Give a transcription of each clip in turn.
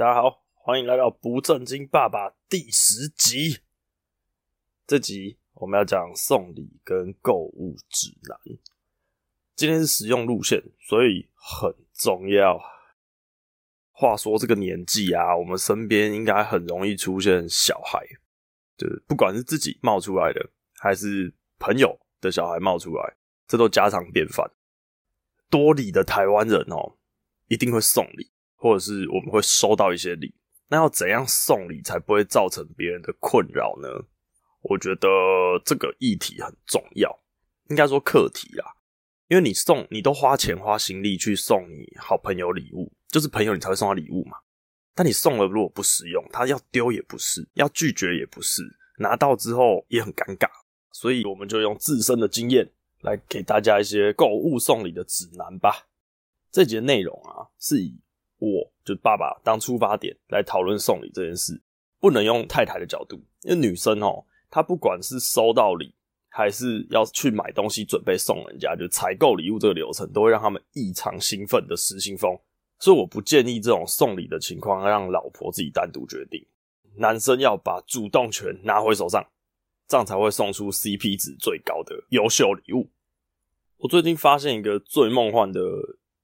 大家好，歡迎來到《不正經爸爸》第十集。這集我們要講送禮跟購物指南。今天是實用路線，所以很重要。話說這個年紀啊，我們身邊應該很容易出現小孩，就是不管是自己冒出來的，還是朋友的小孩冒出來，這都家常便飯。多禮的台灣人哦，一定會送禮。或者是我們會收到一些禮，那要怎樣送禮才不會造成別人的困擾呢？我覺得這個議題很重要，應該說課題啦，因為你送你都花錢花心力去送你好朋友禮物，就是朋友你才會送他禮物嘛。但你送了如果不實用，他要丟也不是，要拒絕也不是，拿到之後也很尷尬，所以我們就用自身的經驗來給大家一些購物送禮的指南吧。這節內容啊是以。我就爸爸當出發點來討論送禮這件事，不能用太太的角度，因為女生哦、喔，她，不管是收到禮，還是要去買東西準備送人家，就採購禮物這個流程，都會讓他們異常興奮的失心瘋。所以我不建議這種送禮的情況讓老婆自己單獨決定，男生要把主動權拿回手上，這樣才會送出 CP 值最高的優秀禮物。我最近發現一個最夢幻的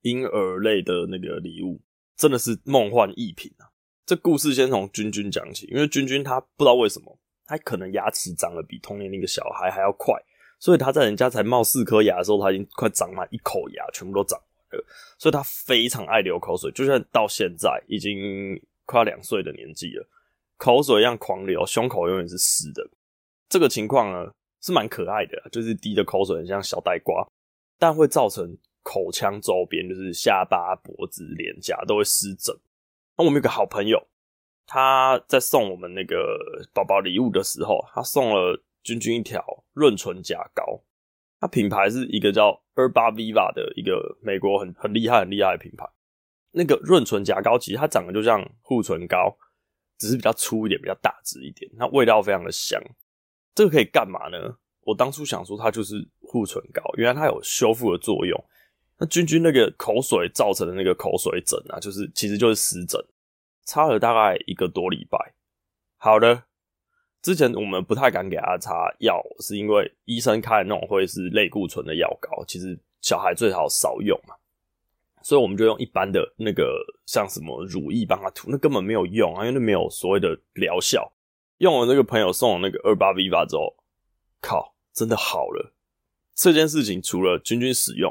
嬰兒類的那個禮物。真的是夢幻逸品啊！這故事先從君君講起，因為君君他不知道為什麼，他可能牙齒長得比童年那個小孩還要快，所以他在人家才冒四顆牙的時候，他已經快長滿一口牙，全部都長完了，所以他非常愛流口水，就算到現在已經快兩歲的年紀了，口水一樣狂流，胸口永遠是濕的。這個情況呢是蠻可愛的，就是滴的口水很像小呆瓜，但會造成。口腔周邊就是下巴、脖子、臉頰都會濕疹。那我們有個好朋友，他在送我們那個寶寶禮物的時候，他送了軍軍一條潤唇甲膏。它，品牌是一個叫 Erbaviva 的一個美國很很厲害、很厲害的品牌。那個潤唇甲膏其實它長得就像護唇膏，只是比較粗一點、比較大隻一點。它味道非常的香。這個可以幹嘛呢？我當初想說它就是護唇膏，原來它有修復的作用。那君君那個口水造成的那個口水疹啊，就是其實就是濕疹，擦了大概一個多禮拜，好的，之前我們不太敢給他擦藥，是因為醫生開的那種會是類固醇的藥膏，其實小孩最好少用嘛。所以我們就用一般的那個，像什麼乳液幫他塗，那根本沒有用啊，因為那沒有所謂的療效。用了那個朋友送我那個二八 v 八之後，靠，真的好了。這件事情除了君君使用。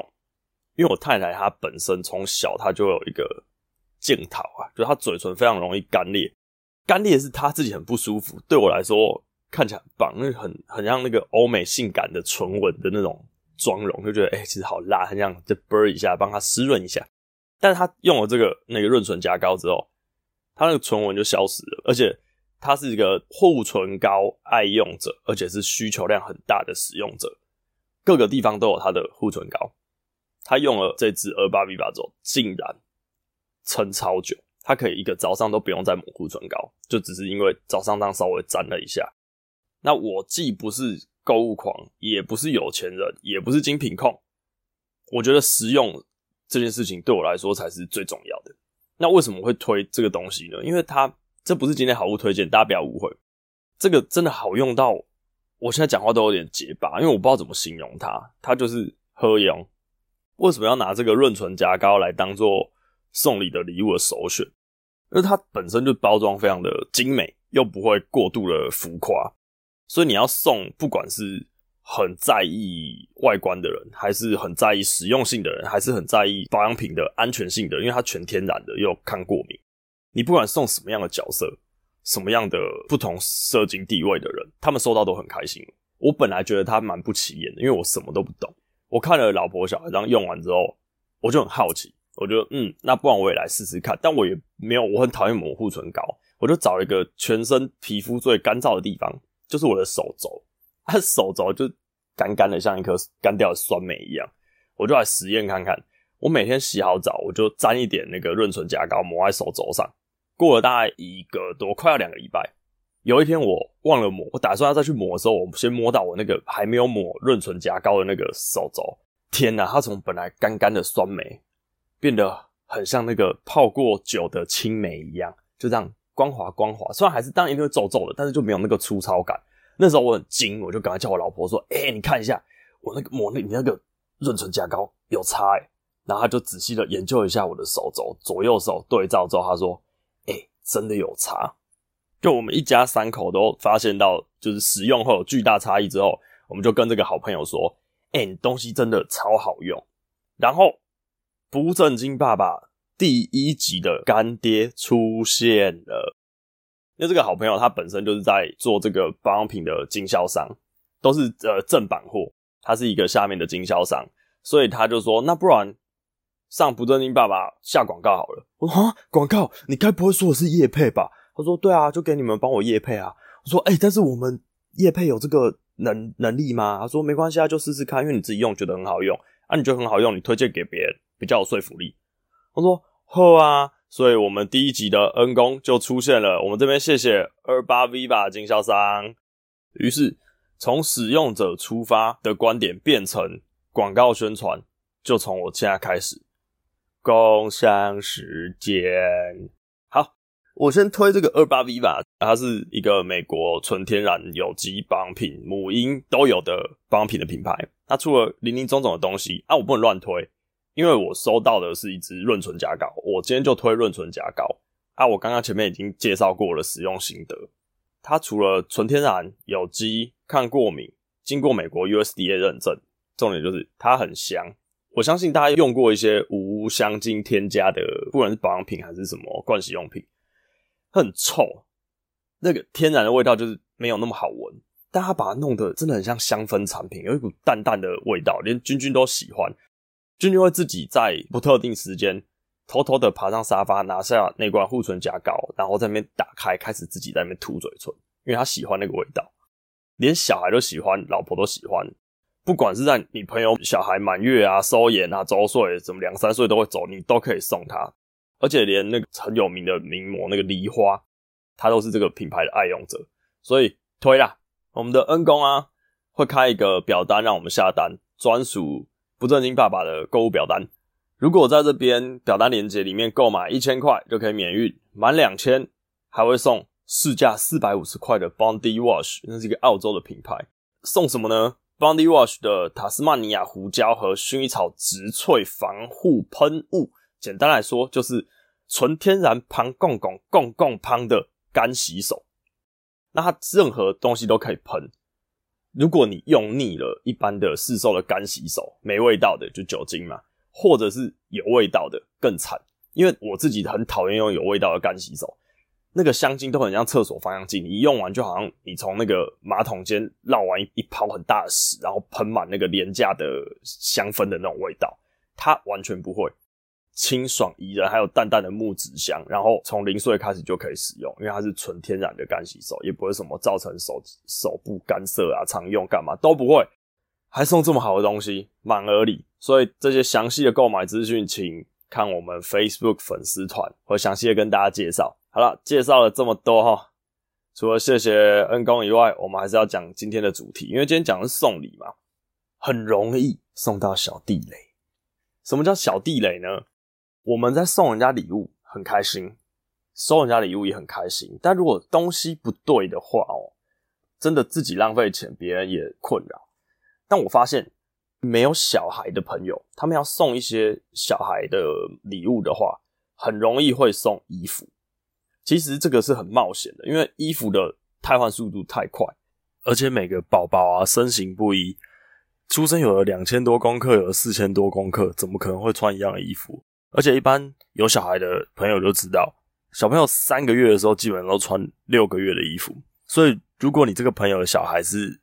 因為我太太她本身從小她就有一個症頭啊，就她嘴唇非常容易乾裂，乾裂是她自己很不舒服。對我來說看起來棒，很很像那個歐美性感的唇紋的那種妝容，就覺得誒、欸、其實好辣，很想就啵一下幫她濕潤一下。但是她用了這個那個潤唇夾膏之後，她那個唇紋就消失了，而且她是一個護唇膏愛用者，而且是需求量很大的使用者，各個地方都有她的護唇膏。他用了這支二八 V 八之後，竟然撐超久。他可以一個早上都不用再抹護唇膏，就只是因為早上當稍微沾了一下。那我既不是購物狂，也不是有錢人，也不是精品控。我覺得實用這件事情對我來說才是最重要的。那為什麼會推這個東西呢？因為它這不是今天好物推薦，大家不要誤會。這個真的好用到我現在講話都有點結巴，因為我不知道怎麼形容它。它就是喝用？為什麼要拿這個潤唇頰膏來當做送禮的禮物的首選？因為它本身就包裝非常的精美，又不會過度的浮誇，所以你要送，不管是很在意外觀的人，還是很在意實用性的人，還是很在意保養品的安全性的人，因為它全天然的又抗過敏。你不管送什麼樣的角色，什麼樣的不同社交地位的人，他們收到都很開心。我本來覺得它蠻不起眼的，因為我什麼都不懂。我看了老婆小孩，然後用完之後，我就很好奇，我就嗯，那不然我也來試試看。但我也沒有，我很討厭抹護唇膏，我就找了一個全身皮膚最乾燥的地方，就是我的手肘。它、啊、手肘就乾乾的，像一顆乾掉的酸梅一樣。我就來實驗看看，我每天洗好澡，我就沾一點那個潤唇夾膏抹在手肘上。過了大概一個多，快要兩個禮拜。有一天我忘了抹，我打算要再去抹的時候，我先摸到我那個還沒有抹潤唇夾膏的那個手肘。天哪，它從本來乾乾的酸梅，變得很像那個泡過酒的青梅一樣，就這樣光滑光滑。雖然還是當然一定會皺皺的，但是就沒有那個粗糙感。那時候我很驚，我就趕快叫我老婆說：“哎、欸，你看一下我那個抹你那個潤唇夾膏有差哎、欸。”然後她就仔細的研究一下我的手肘，左右手對照之後，她說：“哎、欸，真的有差。”就我們一家三口都發現到，就是使用會有巨大差異之後，我們就跟這個好朋友說：“哎，東西真的超好用。”然後《不正經爸爸》第一集的乾爹出現了。那這個好朋友他本身就是在做這個保養品的經銷商，都是呃正版貨，他是一個下面的經銷商，所以他就說：“那不然上《不正經爸爸》下廣告好了。”我說：“啊，廣告？你該不會說我是業配吧？”他說：“對啊，就給你們幫我業配啊。”我說：“哎、欸，但是我們業配有這個能能力嗎？”他說：“沒關係啊，就試試看，因為你自己用覺得很好用，啊，你覺得很好用，你推薦給別人比較有說服力。”我說：“好啊。”所以，我們第一集的恩公就出現了。我們這邊謝謝二八 V 吧經銷商。於是，從使用者出發的觀點變成廣告宣傳，就從我現在開始，工商時間。我先推這個二八 V 吧，它是一個美國純天然有機保養品，母嬰都有的保養品的品牌。它除了林林總總的東西啊，我不能亂推，因為我收到的是一支潤唇甲膏，我今天就推潤唇甲膏啊。我剛剛前面已經介紹過了使用心得，它除了純天然有機、抗過敏、經過美國 USDA 認證，重點就是它很香。我相信大家用過一些無香精添加的，不管是保養品還是什麼盥洗用品。很臭，那個天然的味道就是沒有那麼好聞，但他把它弄得真的很像香氛產品，有一股淡淡的味道，連君君都喜歡。君君會自己在不特定時間偷偷的爬上沙發，拿下那罐護唇夾膏，然後在那邊打開，開始自己在那邊塗嘴唇，因為他喜歡那個味道，連小孩都喜歡，老婆都喜歡。不管是在你朋友小孩滿月啊、收涎啊、週歲，什麼兩三歲都會走，你都可以送他。而且連那個很有名的名模那個梨花，她都是這個品牌的愛用者，所以推啦。我們的恩公啊，會開一個表單讓我們下單，專屬不正經爸爸的購物表單。如果在這邊表單鏈接裡面購買一千塊就可以免運，滿兩千還會送市價四百五十塊的 Bondi Wash，那是一個澳洲的品牌。送什麼呢？Bondi Wash 的塔斯曼尼亞胡椒和薰衣草植，植萃防護噴霧，簡單來說就是。純天然旁共共共共旁的乾洗手，那它任何東西都可以噴。如果你用膩了一般的市售的乾洗手，沒味道的就酒精嘛，或者是有味道的更慘。因為我自己很討厭用有味道的乾洗手，那個香精都很像廁所芳香劑，你一用完就好像你從那個馬桶間繞完一一泡很大的屎，然後噴滿那個廉價的香氛的那種味道，它完全不會，清爽宜人，還有淡淡的木質香，然後從零歲開始就可以使用，因為它是純天然的乾洗手，也不會什麼造成手手部乾澀啊，常用幹嘛都不會。還送這麼好的東西，滿額禮。所以這些詳細的購買資訊，請看我們 Facebook 粉絲團，會詳細的跟大家介紹。好了，介紹了這麼多哈，除了謝謝恩公以外，我們還是要講今天的主題，因為今天講的是送禮嘛，很容易送到小地雷。什麼叫小地雷呢？我們在送人家禮物很開心，收人家禮物也很開心。但如果東西不對的話哦，真的自己浪費錢，別人也困擾。但我發現沒有小孩的朋友，他們要送一些小孩的禮物的話，很容易會送衣服。其實這個是很冒險的，因為衣服的汰換速度太快，而且每個寶寶啊身形不一，出生有的兩千多公克，有的四千多公克，怎麼可能會穿一樣的衣服？而且一般有小孩的朋友都知道，小朋友三個月的時候基本上都穿六個月的衣服。所以如果你這個朋友的小孩是，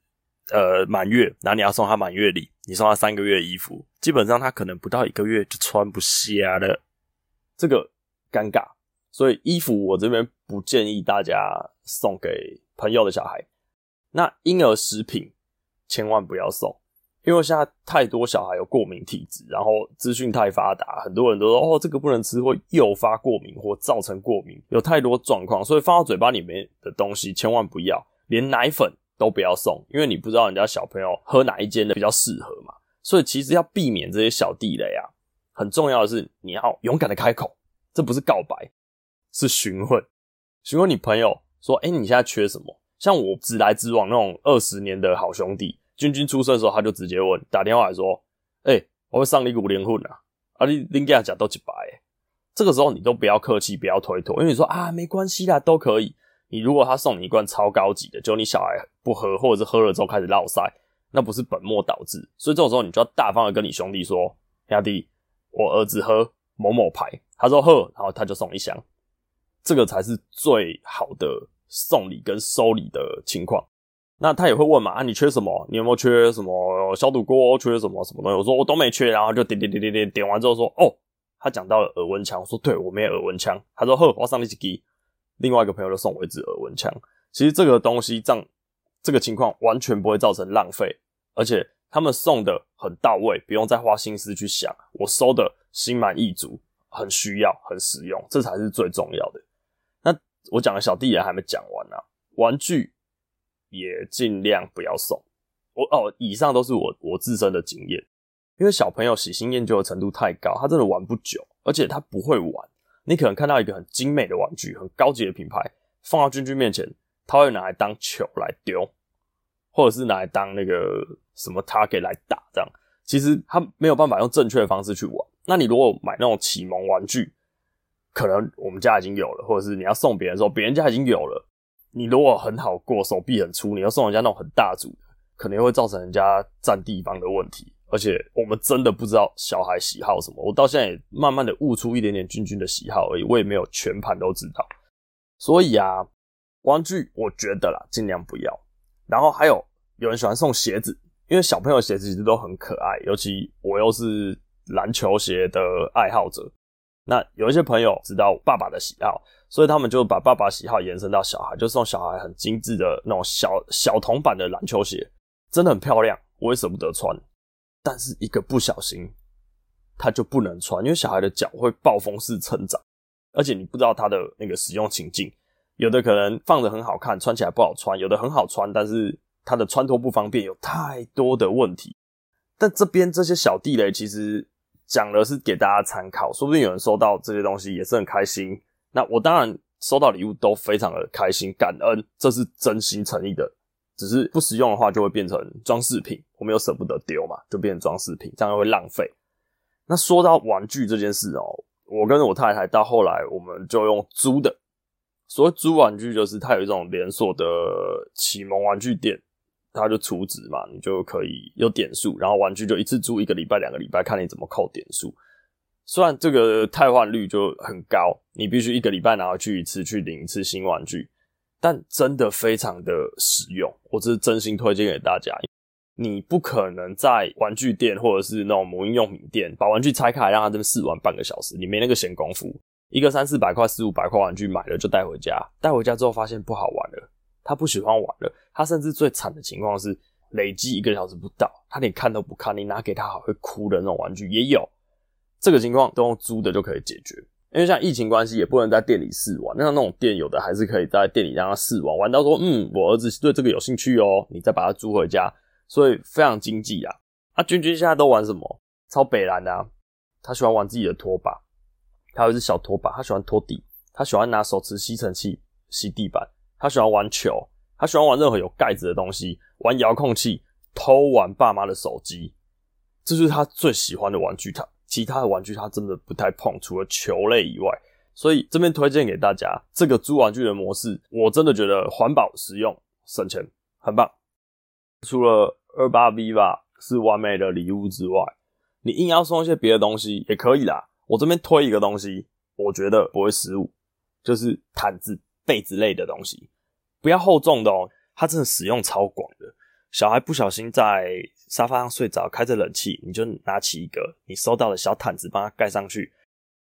呃滿月，那你要送他滿月禮，你送他三個月的衣服，基本上他可能不到一個月就穿不下了，這個尷尬。所以衣服我這邊不建議大家送給朋友的小孩。那嬰兒食品千萬不要送。因為現在太多小孩有過敏體質，然後資訊太發達，很多人都說哦，這個不能吃，會誘發過敏或造成過敏，有太多狀況，所以放到嘴巴裡面的東西千萬不要，連奶粉都不要送，因為你不知道人家小朋友喝哪一間的比較適合嘛。所以其實要避免這些小地雷啊，很重要的是你要勇敢的開口，這不是告白，是詢問。詢問你朋友說，誒，你現在缺什麼？像我直來直往那種二十年的好兄弟，君君出生的時候，他就直接問打電話來說：“哎、欸，我會上你五零混了，啊你你給他講多幾百。”這個時候你都不要客氣，不要推脫，因為你說啊，沒關係啦，都可以。你如果他送你一罐超高級的，就你小孩不喝，或者是喝了之後開始烙賽，那不是本末倒置。所以這種時候，你就要大方的跟你兄弟說：“阿弟，我兒子喝某某牌。”他說喝，然後他就送一箱。這個才是最好的送禮跟收禮的情況。那他也會問嘛？啊，你缺什麼？你有沒有缺什麼消毒鍋？缺什麼什麼東西？我說我都沒缺，然後就點點點點點點，點完之後說，哦，他講到了耳溫槍，我說對，我沒有耳溫槍，他說呵，我送你一支，另外一個朋友就送我一支耳溫槍。其實這個東西這樣，這個情況完全不會造成浪費，而且他們送的很到位，不用再花心思去想，我收的心滿意足，很需要，很實用，這才是最重要的。那我講的小弟也還沒講完呢，啊，玩具。也盡量不要送。我哦，以上都是我我自身的經驗，因為小朋友喜新厭舊的程度太高，他真的玩不久，而且他不會玩。你可能看到一個很精美的玩具，很高級的品牌，放到君君面前，他會拿來當球來丟，或者是拿來當那個什麼 target 來打這樣。其實他沒有辦法用正確的方式去玩。那你如果買那種啟蒙玩具，可能我們家已經有了，或者是你要送別人的時候，別人家已經有了。你如果很好過，手臂很粗，你要送人家那種很大組，可能會造成人家佔地方的問題。而且我們真的不知道小孩喜好什麼，我到現在也慢慢的悟出一點點君君的喜好而已，我也沒有全盤都知道。所以啊，玩具我覺得啦，盡量不要。然後還有有人喜歡送鞋子，因為小朋友鞋子其實都很可愛，尤其我又是籃球鞋的愛好者。那有一些朋友知道爸爸的喜好，所以他們就把爸爸喜好延伸到小孩，就送小孩很精致的那種小小童版的籃球鞋，真的很漂亮，我也舍不得穿。但是一個不小心，他就不能穿，因為小孩的腳會暴風式成長，而且你不知道他的那個使用情境，有的可能放得很好看，穿起來不好穿；有的很好穿，但是它的穿脫不方便，有太多的問題。但這邊這些小地雷其實。講的是給大家參考，說不定有人收到這些東西也是很開心，那我當然收到禮物都非常的開心，感恩，這是真心誠意的。只是不實用的話就會變成裝飾品，我們又捨不得丟嘛，就變成裝飾品，這樣又會浪費。那說到玩具這件事喔，我跟我太太到後來我們就用租的，所謂租玩具就是它有一種連鎖的啟蒙玩具店。他就儲值嘛，你就可以有點數，然後玩具就一次租一個禮拜、兩個禮拜，看你怎麼扣點數。雖然這個汰換率就很高，你必須一個禮拜拿回去一次，去領一次新玩具，但真的非常的實用，我這是真心推薦給大家。你不可能在玩具店或者是那種母嬰用品店把玩具拆開來，讓他這邊試玩半個小時，你沒那個閒工夫。一個三四百塊、四五百塊玩具買了就帶回家，帶回家之後發現不好玩了，他不喜歡玩了。他甚至最慘的情況是累積一個小時不到，他連看都不看。你拿給他好會哭的那種玩具也有，這個情況都用租的就可以解決。因為像疫情關係，也不能在店裡試玩。那像那種店，有的還是可以在店裡讓他試玩，玩到說，嗯，我兒子對這個有興趣哦，喔，你再把它租回家，所以非常經濟啊。啊，君君現在都玩什麼？超北藍啊。他喜歡玩自己的拖把，他有一只小拖把，他喜歡拖地，他喜歡拿手持吸塵器吸地板，他喜歡玩球，他喜歡玩任何有蓋子的東西，玩遙控器，偷玩爸媽的手機，這是他最喜歡的玩具。他其他的玩具他真的不太碰，除了球類以外。所以這邊推薦給大家這個租玩具的模式，我真的覺得環保、實用、省錢，很棒。除了 28V 吧是完美的禮物之外，你硬要送一些別的東西也可以啦。我這邊推一個東西，我覺得不會失誤，就是毯子、被子類的東西。不要厚重的哦，它真的使用超廣的。小孩不小心在沙發上睡着，開着冷氣，你就拿起一個你收到的小毯子，幫他蓋上去。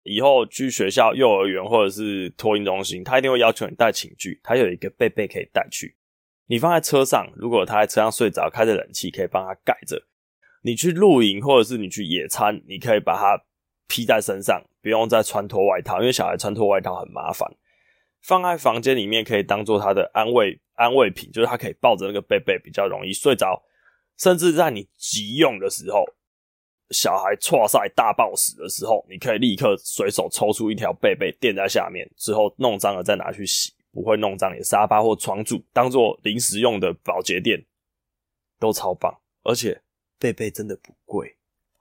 以後去學校、幼兒園或者是托嬰中心，他一定會要求你帶寢具，他有一個被被可以帶去。你放在車上，如果他在車上睡着，開着冷氣可以幫他蓋着。你去露營或者是你去野餐，你可以把它披在身上，不用再穿脫外套，因為小孩穿脫外套很麻煩。放在房間裡面可以當做他的安慰安慰品，就是他可以抱着那個被被比較容易睡着，甚至在你急用的時候，小孩踹曬大爆屎的時候，你可以立刻隨手抽出一條被被墊在下面，之後弄髒了再拿去洗，不會弄髒你的沙發或床主，當做臨時用的保潔墊，都超棒，而且被被真的不貴，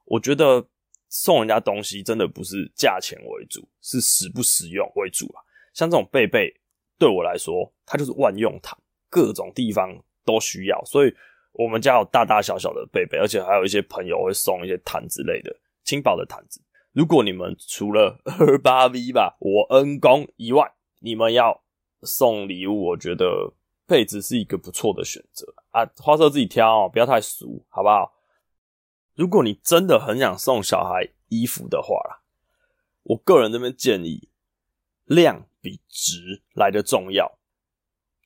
我覺得送人家東西真的不是價錢為主，是實不實用為主啊。像這種被被，對我來說，它就是萬用毯，各種地方都需要，所以我們家有大大小小的被被，而且還有一些朋友會送一些毯之類的輕薄的毯子。如果你們除了二八 V 吧，我恩公以外，你們要送禮物，我覺得被子是一個不錯的選擇啊，花色自己挑喔，不要太俗，好不好？如果你真的很想送小孩衣服的話啦，我個人這邊建議量，比值來得重要。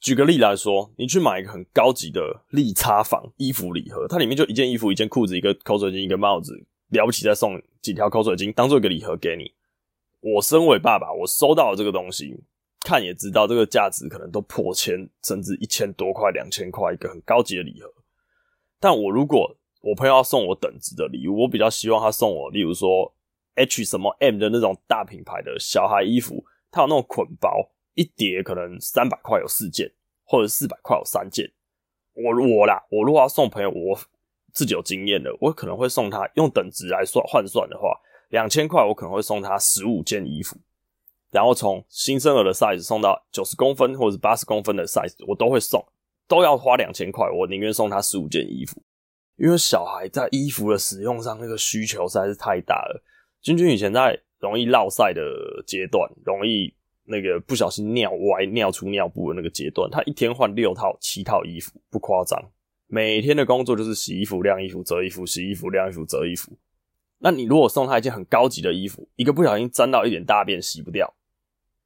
舉個例來說，你去買一個很高級的利差房衣服禮盒，它裡面就一件衣服、一件褲子、一個口水巾、一個帽子，了不起再送幾條口水巾，當做一個禮盒給你。我身為爸爸，我收到了這個東西，看也知道這個價值可能都破千，甚至一千多塊、兩千塊，一個很高級的禮盒。但我如果我朋友要送我等值的禮物，我比較希望他送我，例如說 H 什麼 M 的那種大品牌的小孩衣服。他有那種捆包，一疊可能三百塊有四件，或者四百塊有三件。我我啦，我如果要送朋友，我自己有經驗的，我可能會送他用等值來算換算的話，兩千塊我可能會送他十五件衣服。然後從新生兒的 size 送到九十公分或者八十公分的 size，我都會送，都要花兩千塊，我寧願送他十五件衣服，因為小孩在衣服的使用上那個需求實在是太大了。君君以前在。容易烙賽的階段，容易那個不小心尿歪、尿出尿布的那個階段，他一天換六套、七套衣服不誇張。每天的工作就是洗衣服、晾衣服、折衣服、洗衣服、晾衣服、折衣服。那你如果送他一件很高級的衣服，一個不小心沾到一點大便洗不掉，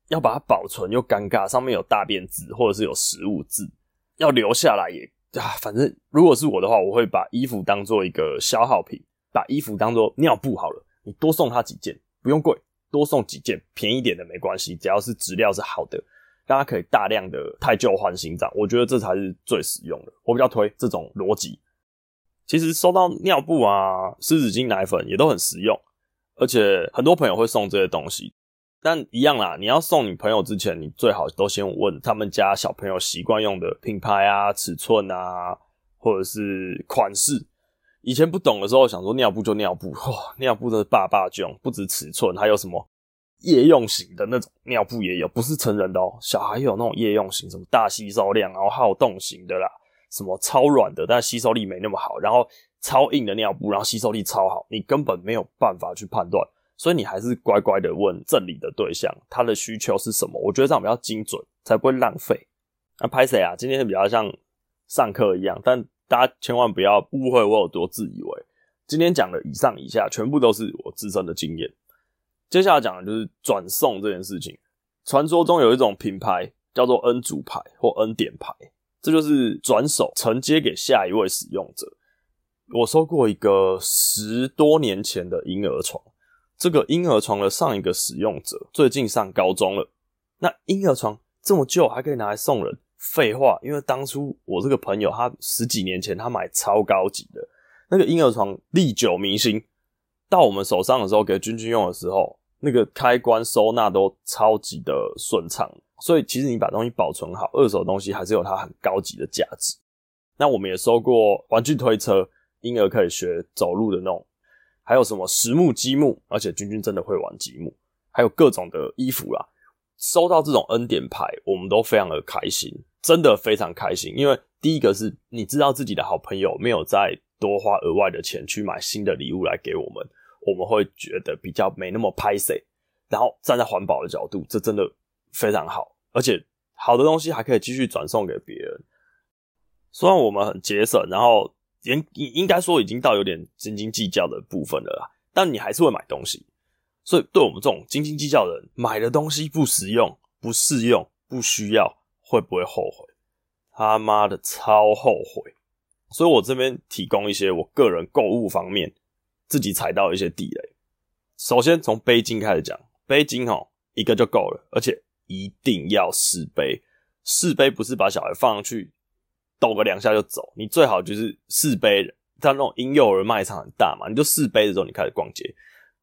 要把它保存又尷尬，上面有大便漬或者是有食物漬，要留下來也啊，反正如果是我的話，我會把衣服當做一個消耗品，把衣服當做尿布好了，你多送他幾件。不用貴，多送幾件便宜點的沒關係，只要是質料是好的，大家可以大量的汰舊換新髒，我覺得這才是最實用的。我比較推這種邏輯。其實收到尿布啊、濕紙巾、奶粉也都很實用，而且很多朋友會送這些東西。但一樣啦，你要送你朋友之前，你最好都先問他們家小朋友習慣用的品牌啊、尺寸啊，或者是款式。以前不懂的時候，想說尿布就尿布，哇、哦，尿布的爸爸這種，不止尺寸，還有什麼夜用型的那種尿布也有，不是成人的哦，小孩也有那種夜用型，什麼大吸收量，然後好動型的啦，什麼超軟的，但吸收力沒那麼好，然後超硬的尿布，然後吸收力超好，你根本沒有辦法去判斷，所以你還是乖乖的問送禮的對象，他的需求是什麼？我覺得這樣比較精準，才不會浪費。那拍誰啊？今天是比較像上課一樣，但。大家千萬不要誤會我有多自以為。今天講的以上以下，全部都是我自身的經驗。接下來講的就是轉送這件事情。傳說中有一種品牌叫做恩主牌或恩典牌，這就是轉手承接給下一位使用者。我收過一個十多年前的嬰兒床，這個嬰兒床的上一個使用者最近上高中了。那嬰兒床這麼舊，還可以拿來送人？廢話，因為當初我這個朋友他十幾年前他買超高級的那個嬰兒床，歷久彌新。到我們手上的時候，給君君用的時候，那個開關收納都超級的順暢。所以其實你把東西保存好，二手東西還是有它很高級的價值。那我們也收過玩具推車，嬰兒可以學走路的那種，還有什麼實木積木，而且君君真的會玩積木，還有各種的衣服啦。收到這種恩典牌，我們都非常的開心。真的非常開心，因為第一個是你知道自己的好朋友沒有再多花額外的錢去買新的禮物來給我們，我們會覺得比較沒那麼歹勢，然後站在環保的角度，這真的非常好，而且好的東西還可以繼續轉送給別人。雖然我們很節省，然後也應該說已經到有點斤斤計較的部分了啦，但你還是會買東西。所以對我們這種斤斤計較的人，買的東西不實用、不適用、不需要，會不會後悔？他媽的，超後悔！所以我這邊提供一些我個人購物方面自己踩到一些地雷。首先從背巾開始講，背巾哦，一個就夠了，而且一定要試背。試背不是把小孩放上去抖個兩下就走，你最好就是試背。他那種嬰幼兒賣場很大嘛，你就試背的時候，你開始逛街。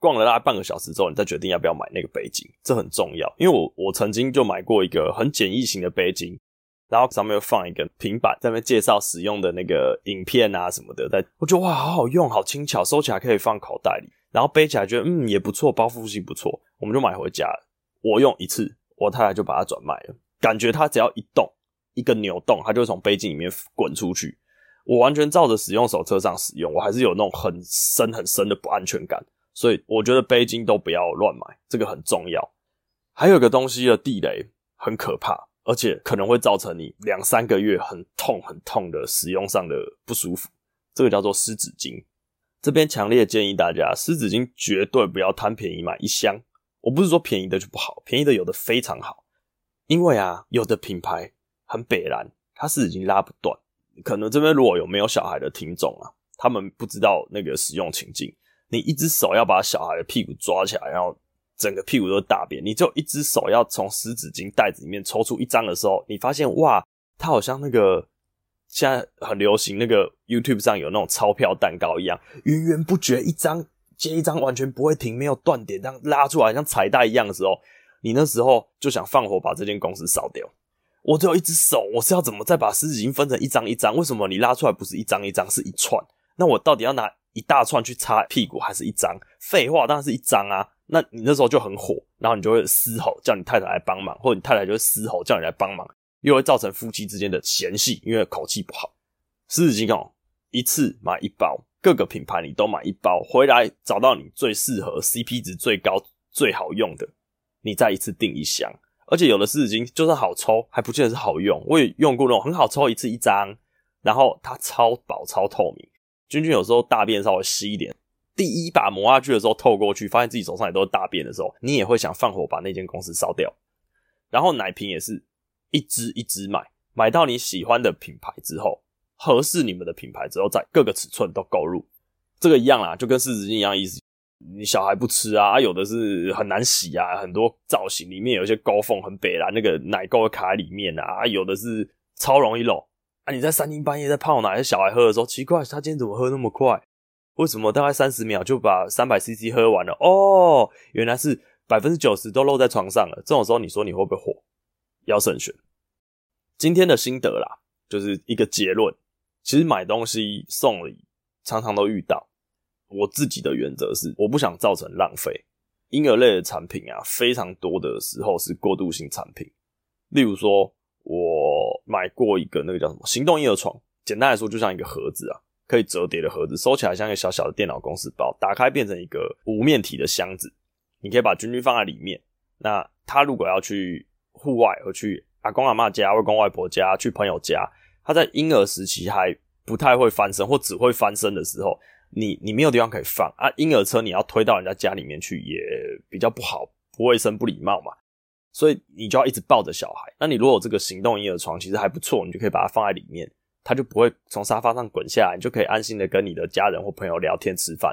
逛了大概半個小時之後，你再決定要不要買那個背巾。這很重要。因為我我曾經就買過一個很簡易型的背巾，然後上面又放一個平板，在那邊介紹使用的那個影片啊什麼的。但我覺得哇，好好用，好輕巧，收起來可以放口袋裡，然後背起來覺得嗯也不錯，包覆性不錯，我們就買回家了。我用一次，我太太就把它轉賣了。感覺它只要一動，一個扭動，它就會從背巾裡面滾出去。我完全照着使用手冊上使用，我還是有那種很深很深的不安全感。所以我覺得背巾都不要亂買，這個很重要。還有個東西的地雷很可怕，而且可能會造成你兩三個月很痛很痛的使用上的不舒服。這個叫做濕紙巾。這邊強烈建議大家，濕紙巾絕對不要貪便宜買一箱。我不是說便宜的就不好，便宜的有的非常好。因為啊，有的品牌很白爛，它濕紙巾拉不斷。可能這邊如果有沒有小孩的聽眾啊，他們不知道那個使用情境。你一隻手要把小孩的屁股抓起來，然後整個屁股都大便，你就一隻手要從濕紙巾袋子裡面抽出一張的時候，你發現哇，它好像那個現在很流行那個 YouTube 上有那種鈔票蛋糕一樣，源源不絕一，一張接一張，完全不會停，沒有斷點，這樣拉出來像彩帶一樣的時候，你那時候就想放火把這間公司燒掉。我只有一隻手，我是要怎麼再把濕紙巾分成一張一張？為什麼你拉出來不是一張一張，是一串？那我到底要拿？一大串去擦屁股，還是一張？廢話，當然是一張啊。那你那時候就很火，然後你就會嘶吼叫你太太來幫忙，或者你太太就會嘶吼叫你來幫忙，又會造成夫妻之間的嫌隙，因為口氣不好。濕紙巾哦，一次買一包，各個品牌你都買一包，回來找到你最適合、CP 值最高、最好用的，你再一次訂一箱。而且有的濕紙巾就算好抽，還不見得是好用。我也用過那種很好抽，一次一張，然後它超薄、超透明。君君有時候大便稍微稀一點，第一把磨下去的時候透過去，發現自己手上也都是大便的時候，你也會想放火把那間公司燒掉。然後奶瓶也是一隻一隻買，買到你喜歡的品牌之後，合適你們的品牌之後，在各個尺寸都購入。這個一樣啦，就跟濕紙巾一樣，意思你小孩不吃啊，有的是很難洗啊，很多造型裡面有一些溝縫很北啦，那個奶垢的卡裡面啊，有的是超容易漏。啊，你在三更半夜在泡奶，小孩喝的時候，奇怪，他今天怎麼喝那麼快？為什麼大概三十秒就把三百 CC 喝完了？哦，原來是百分之九十都漏在床上了。這種時候你說你會不會火？要慎選。今天的心得啦，就是一個結論。其實買東西送禮常常都遇到。我自己的原則是，我不想造成浪費。嬰兒類的產品啊，非常多的時候是過渡性產品，例如說。買過一個那個叫什麼行動嬰兒床，簡單來說就像一個盒子啊，可以折疊的盒子，收起來像一個小小的電腦公事包，打開變成一個五面體的箱子，你可以把軍軍放在裡面。那他如果要去戶外，或去阿公阿媽家，外公外婆家、去朋友家，他在嬰兒時期還不太會翻身，或只會翻身的時候，你你沒有地方可以放啊。嬰兒車你要推到人家家裡面去，也比較不好，不衛生，不禮貌嘛。所以你就要一直抱着小孩。那你如果有這個行動嬰兒床，其實還不錯，你就可以把它放在裡面，它就不會從沙發上滾下來，你就可以安心的跟你的家人或朋友聊天吃飯。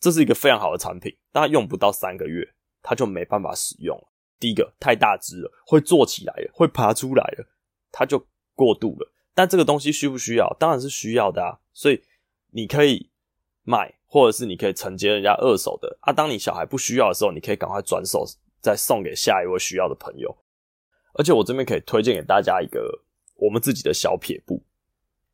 這是一個非常好的產品，但它用不到三個月，它就沒辦法使用了。第一個太大只了，會坐起來了，會爬出來了，它就過度了。但這個東西需不需要？當然是需要的啊。所以你可以買，或者是你可以承接人家二手的啊。當你小孩不需要的時候，你可以趕快轉手。再送給下一位需要的朋友，而且我這邊可以推薦給大家一個我們自己的小撇步。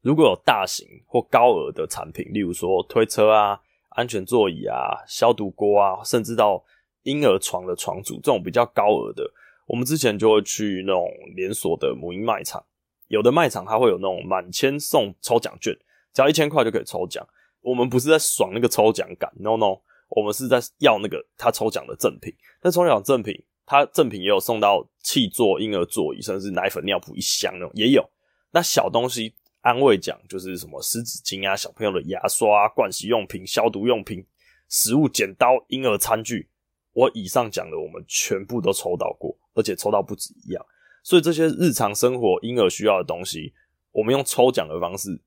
如果有大型或高額的產品，例如說推車啊、安全座椅啊、消毒鍋啊，甚至到嬰兒床的床組這種比較高額的，我們之前就會去那種連鎖的母嬰賣場。有的賣場它會有那種滿千送抽獎券，只要一千塊就可以抽獎。我們不是在爽那個抽獎感，no no。我們是在要那個他抽獎的贈品，那抽獎贈品，他贈品也有送到汽座、嬰兒座椅，甚至是奶粉尿布一箱那種也有。那小東西安慰獎就是什麼濕紙巾啊、小朋友的牙刷啊、盥洗用品、消毒用品、食物剪刀、嬰兒餐具。我以上講的，我們全部都抽到過，而且抽到不止一樣。所以這些日常生活嬰兒需要的東西，我們用抽獎的方式，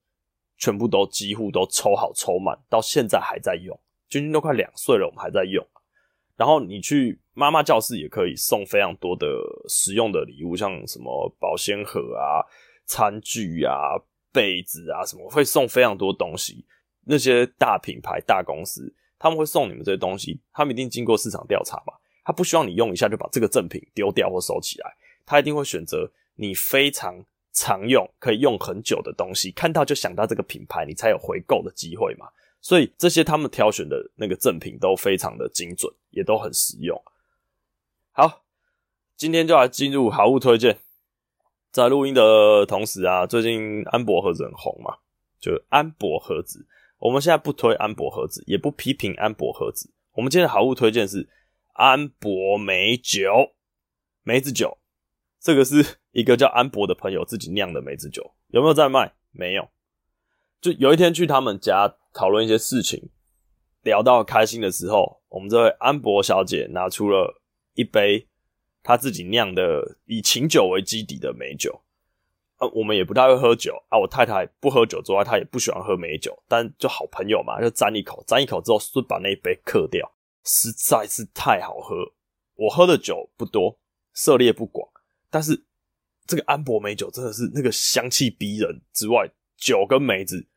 全部都幾乎都抽好抽滿，到現在還在用。君君都快兩歲了，我們還在用。然後你去媽媽教室也可以送非常多的實用的禮物，像什麼保鮮盒啊、餐具啊、被子啊，什麼會送非常多東西。那些大品牌、大公司，他們會送你們這些東西，他們一定經過市場調查嘛，他不希望你用一下就把這個贈品丟掉或收起來，他一定會選擇你非常常用、可以用很久的東西，看到就想到這個品牌，你才有回購的機會嘛。所以這些他們挑選的那個贈品都非常的精準，也都很實用。好，今天就來進入好物推薦。在錄音的同時啊，最近安博盒子很紅嘛，就安博盒子。我們現在不推安博盒子，也不批評安博盒子。我們今天的好物推薦是安博梅酒，梅子酒。這個是一個叫安博的朋友自己釀的梅子酒，有沒有在賣？沒有。就有一天去他們家討論一些事情，聊到開心的時候，我們這位安博小姐拿出了一杯她自己釀的以琴酒為基底的梅酒。啊，我們也不太會喝酒啊，我太太不喝酒之外，她也不喜歡喝梅酒，但就好朋友嘛，就沾一口，沾一口之後就把那一杯喝掉，實在是太好喝。我喝的酒不多，涉獵不廣，但是這個安博梅酒真的是那個香氣逼人之外，酒跟梅子。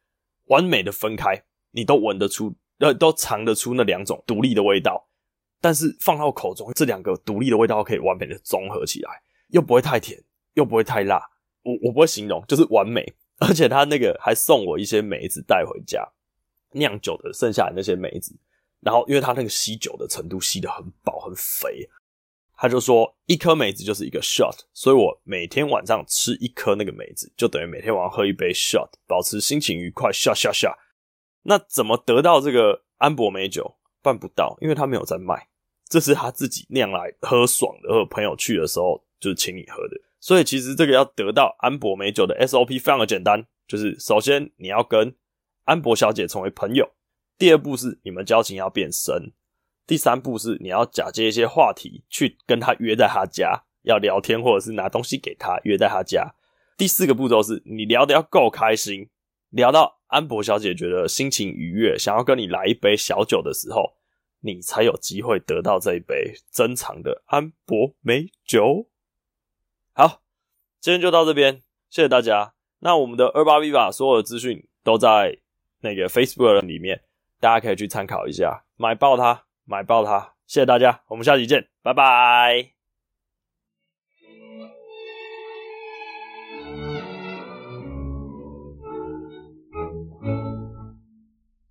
完美的分開，你都聞得出，呃，都嘗得出那兩種獨立的味道。但是放到口中，這兩個獨立的味道可以完美的綜合起來，又不會太甜，又不會太辣。我我不會形容，就是完美。而且他那個還送我一些梅子帶回家，釀酒的剩下的那些梅子。然後因為他那個吸酒的程度吸得很飽很肥。他就說，一顆梅子就是一個 shot，所以我每天晚上吃一顆那個梅子，就等於每天晚上喝一杯 shot，保持心情愉快。shot shot shot，那怎麼得到這個安博美酒？辦不到，因為他沒有在賣，這是他自己釀來喝爽的，或者朋友去的時候，就是請你喝的。所以其實這個要得到安博美酒的 SOP 非常的簡單，就是首先你要跟安博小姐成為朋友，第二步是你們交情要變深。第三步是你要假借一些話題去跟他約在他家要聊天，或者是拿東西給他約在他家。第四個步驟是你聊得要夠開心，聊到安博小姐覺得心情愉悅，想要跟你來一杯小酒的時候，你才有機會得到這一杯珍藏的安博美酒。好，今天就到這邊，謝謝大家。那我們的 28Viva 所有的資訊都在那個 Facebook 裡面，大家可以去參考一下，買爆它。買爆它！謝謝大家，我們下期見，拜拜。